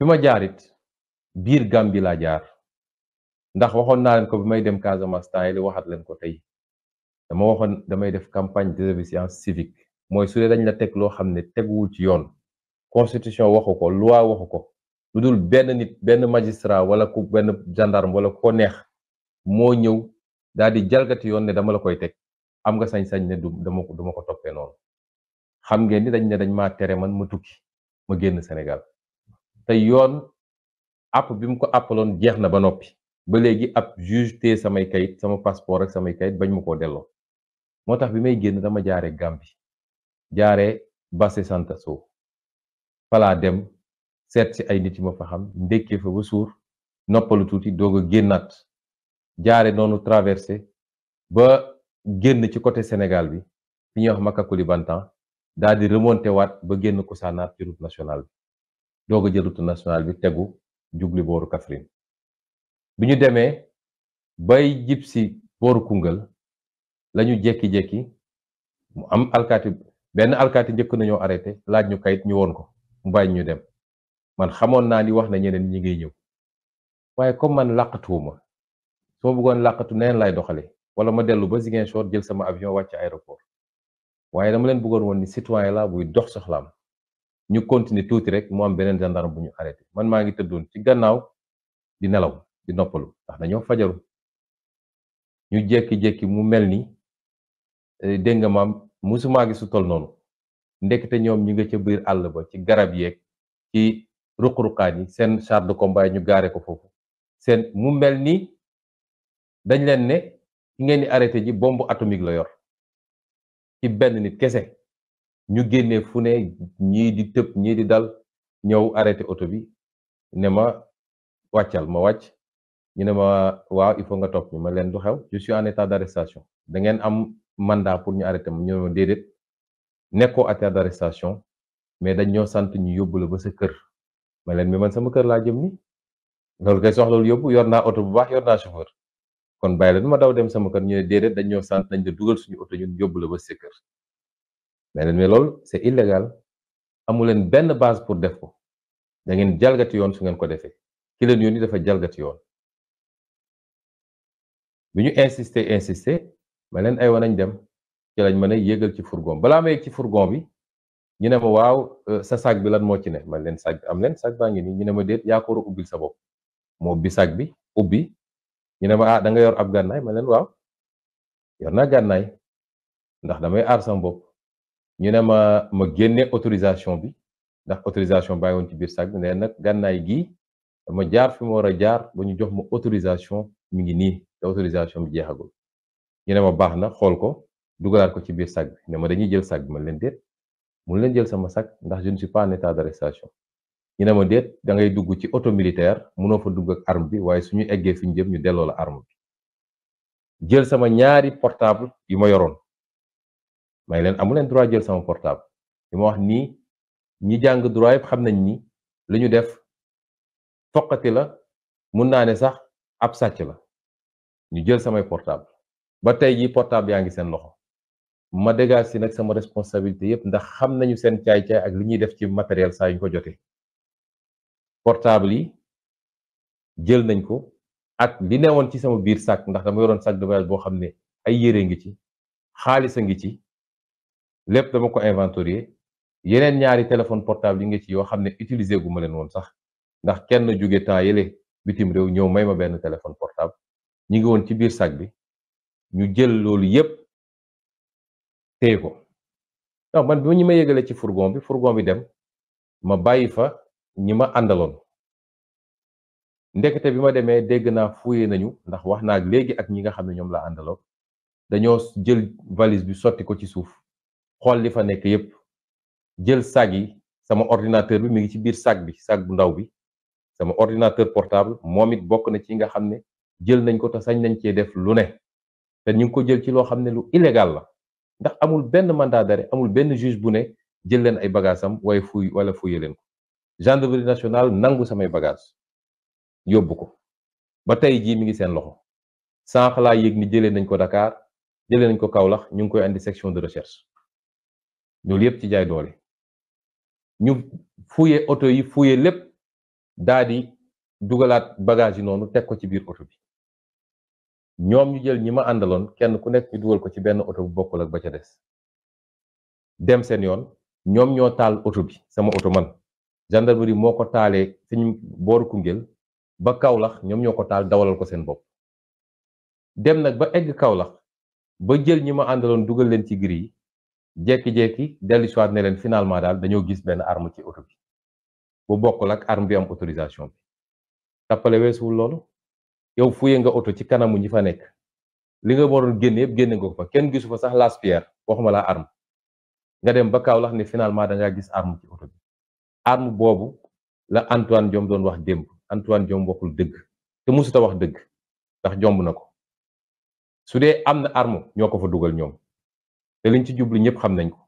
bi ma jaarit biir Gàmbi laa jaar ndax waxoon naa leen ko bi may dem Casamance temps yi li waxaat leen ko tey dama waxoon damay def campagne de civique mooy su dee dañ la teg loo xam ne teguwul ci yoon constitution waxu ko loi waxu ko lu dul benn nit benn magistrat wala ku benn gendarme wala ku ko neex moo ñëw daal di jalgati yoon ne dama la koy teg am nga sañ-sañ ne du dama ko duma ko toppee xam ngeen ni dañ ne dañ maa tere man ma tukki ma génn Sénégal te yoon app bi mu ko àppaloon jeex na ba noppi ba léegi ab juge téye samay kayit sama passeport ak samay kayit bañ ma koo delloo moo tax bi may génn dama jaare Gambie jaare Basse so falaa dem seet si ay nit yi ma fa xam ndekkee fa ba suur noppalu tuuti doog a génnaat jaare noonu traversé ba génn ci côté Sénégal bi fi ñuy wax Makacoulibantang daal di remonté waat ba génn Koussanar ci national bi doog jël route nationale bi tegu jubli booru Kaffrine bi ñu demee bay jib si booru Koungheul lañu jekki-jekki mu am alkaati benn alkaati njëkk nañoo arrêté laaj ñu kayit ñu woon ko mbaay ñu dem man xamoon naa ni wax na ñeneen ñi ngay ñëw waaye comme man làqatuwuma su ma bëggoon làqatu neen lay doxale wala ma dellu ba Ziguinchor jël sama avion wàcc aéroport waaye dama leen bëggoon woon ni citoyen la buy dox soxlaam ñu continuer tuuti rek mu am beneen gendarme bu ñu arrêté man maa ngi tëddoon ci gannaaw di nelaw di noppalu ndax dañoo fajaru ñu jékki-jékki mu mel ni eh, dégg nga maam musumaa gi gisu tol noonu ndekete ñoom ñu nga ca biir àll ba ci garab yeeg ci ruq-ruqaan yi seen char de combat yi ñu gaare ko foofu seen mu mel ni dañ leen ne ki ngeen di arrêté ji bombe atomique la yor ci benn nit kese ñu génne fu ne ñii di tëb ñii di dal ñëw arrêté auto bi ne ma wàccal ma wàcc ñu ne ma waaw il faut nga topp ñu ma leen du xew je suis en état d'arrestation da ngeen am mandat pour ñu arrêté ma ñu ne ma déedéet nekkoo état d'arrestation mais dañ ñoo sant ñu yóbbu ba sa kër ma leen mi man sama kër laa jëm ni loolu kay soxla lu yóbbu yor naa oto bu baax yor naa chauffeur kon bàyyi la nu ma daw dem sama kër ñu ne déedéet dañ ñoo sant nañ la dugal suñu oto ñun yóbbu la ba sa kër mais leen mais loolu c'est illégal amu leen benn base pour def ko dangeen jalgati yoon su ngeen ko defee ki leen yónni dafa jalgati yoon bi ñu insister insister ma leen ay wa nañ dem ci lañ mën a yéegal ci fourgon balaa ma yéeg ci fourgon bi ñu ne ma waaw euh, sa sac bi lan moo ci ne ma leen sac am leen sac baa ngi nii ñu ne ma déet yaa ko ubbil sa bopp moo ubbi sac bi ubbi ñu ne ma ah da nga yor ab gànnaay ma leen waaw yor na gànnaay ndax damay aar sama bopp. ñu ne ma ma génne autorisation bi ndax autorisation bàyyi woon ci biir sac bi ne nag gànnaay gi ma jaar fi ma war a jaar ba ñu jox ma autorisation mi ngi nii te autorisation bi jeexagul ñu ne ma baax na xool ko dugalaat ko ci biir sag bi ne ma dañuy jël sac bi ma leen déet mun leen jël sama sag ndax je ne suis pas en état d'arrestation ñu ne ma déet da ngay dugg ci auto militaire munoo fa dugg ak arme bi waaye su ñu eggee fi ñu jëm ñu delloo la arme bi jël sama ñaari portable yu ma yoroon may leen amuleen leen droit jël sama portable li ma wax nii ñi jàng droit yëpp xam nañ ni li ñu def foqati la mun naa ne sax ab sàcc la ñu jël samay portable ba tey ji portable yaa ngi seen loxo ma dégage si nag sama responsabilité yëpp ndax xam nañu seen caay-caay ak li ñuy def ci matériel saa yu ñu ko jotee portable yi jël nañ ko ak li newoon ci sama biir sac ndax dama yoroon sac de voyage boo xam ne ay yére ngi ci xaalis a ngi ci lépp dama ko inventorier yeneen ñaari téléphone portable yi nga ci yoo xam ne utiliser gu ma leen woon sax ndax kenn jóge temps yële bitim réew ñëw may ma benn téléphone portable ñi ngi woon ci biir sac bi ñu jël loolu yépp téye ko non man bi ñu ma yëgalee ci fourgon bi fourgon bi dem ma bàyyi fa ñi ma àndaloon ndekete bi ma demee dégg naa fuye nañu ndax wax naa léegi ak ñi nga xam ne ñoom laa àndaloon dañoo jël valise bi sotti ko ci suuf xool li fa nekk yépp jël sag yi sama ordinateur bi mi ngi ci biir sag bi sag bu ndaw bi sama ordinateur portable moom it bokk na ci nga xam ne jël nañ ko te sañ nañ cee def lu ne te ñu ngi ko jël ci loo xam ne lu illégal la ndax amul benn mandat d'arrêt amul benn juge bu ne jël leen ay bagages am waaye fuy wala fuye leen ko gendarmerie nationale nangu samay bagages yóbbu ko ba tey jii mi ngi seen loxo sànq laa yëg ni jëlee nañ ko dakaar jëlee nañ ko Kaolack ñu ngi koy andi section de recherche. loolu yëpp ci jaay doole ñu fuye oto yi fuye lépp daadi dugalaat bagage yi noonu teg ko ci biir oto bi ñoom ñu jël ñi ma àndaloon kenn ku nekk ñu dugal ko ci benn oto bu bokkul ak ba ca des dem seen yoon ñoom ñoo taal oto bi sama oto man gendarmerie moo ko taalee suñu booru Koungheul ba kawlax ñoom ñoo ko taal dawalal ko seen bopp dem nag ba egg kawlax ba jël ñi ma àndaloon dugal leen ci gri yi jékki-jékki dellu si waat ne leen finalement daal dañoo gis benn arme ci oto bi bu bokkul ak arme bi am autorisation bi tappale weesuwul loolu yow fuye nga oto ci kanamu ñi fa nekk li nga waroon génne yëpp génne nga ko fa kenn gisu fa sax lance-pierre laa arme nga dem ba lax ne finalement da ngaa gis arme ci oto bi arme boobu la Antoine Diome doon wax démb Antoine Diome waxul dëgg te musuta wax dëgg ndax jomb na ko su dee am na arme ñoo ko fa dugal ñoom te liñ ci jublu ñëpp xam nañ ko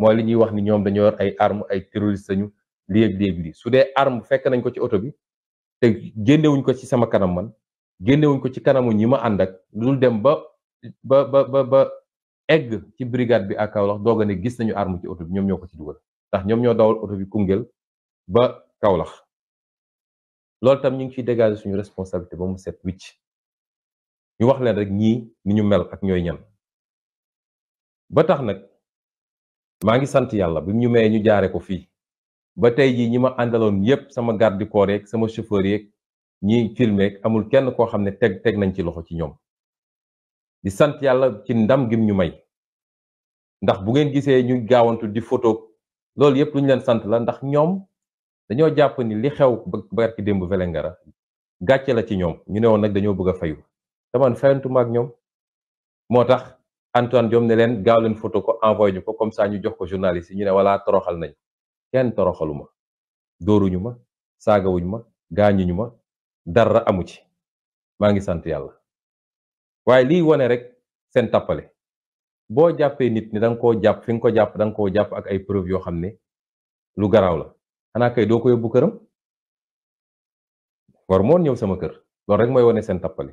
mooy li ñuy wax ni ñoom dañoo yor ay arme ay terroriste lañu léeg-léeg lii su dee arme fekk nañ ko ci oto bi te génnewuñ ko ci sama kanam man génnewuñ ko ci kanamu ñi ma ànd ak dul dem ba ba ba ba egg ci brigade bi ak kawlax doog a ne gis nañu arm ci oto bi ñoom ñoo ko ci dugal ndax ñoom ñoo dawal oto bi Koungheul ba Kaolack loolu tam ñu ngi ciy dégager suñu responsabilité ba mu set wicc ñu wax leen rek ñii ni ñu mel ak ñooy ñan ba tax nag maa ngi sant yàlla bi ñu mayee ñu jaare ko fii ba tey jii ñi ma àndaloon yépp sama garde corps sama chauffeur yeeg ñiy filmeeg amul kenn koo xam ne teg teg nañ ci loxo ci ñoom di sant yàlla ci ndam gim ñu may ndax bu ngeen gisee ñu gaawantu di photo loolu yépp lu ñu leen sant la ndax ñoom dañoo jàpp ni li xew barki démb Vélingara gàcce la ci ñoom ñu ne woon nag dañoo bëgg a fayu taman fayantu ma ñoom moo tax Antoine Diome ne leen gaaw leen photo ko envoyé ñu ko comme ça ñu jox ko journaliste yi ñu ne voilà toroxal nañ kenn toroxalu ma dóoruñu ma saagawuñu ma gaañuñu ma dara amu ci maa ngi sant yàlla waaye li wane rek seen tappale boo jàppee nit ni da nga koo jàpp fi nga ko jàpp danga nga koo jàpp ak ay preuve yoo xam ne lu garaaw la xanaa kay doo ko yóbbu këram war moon ñëw sama kër loolu rek mooy wane seen tàppale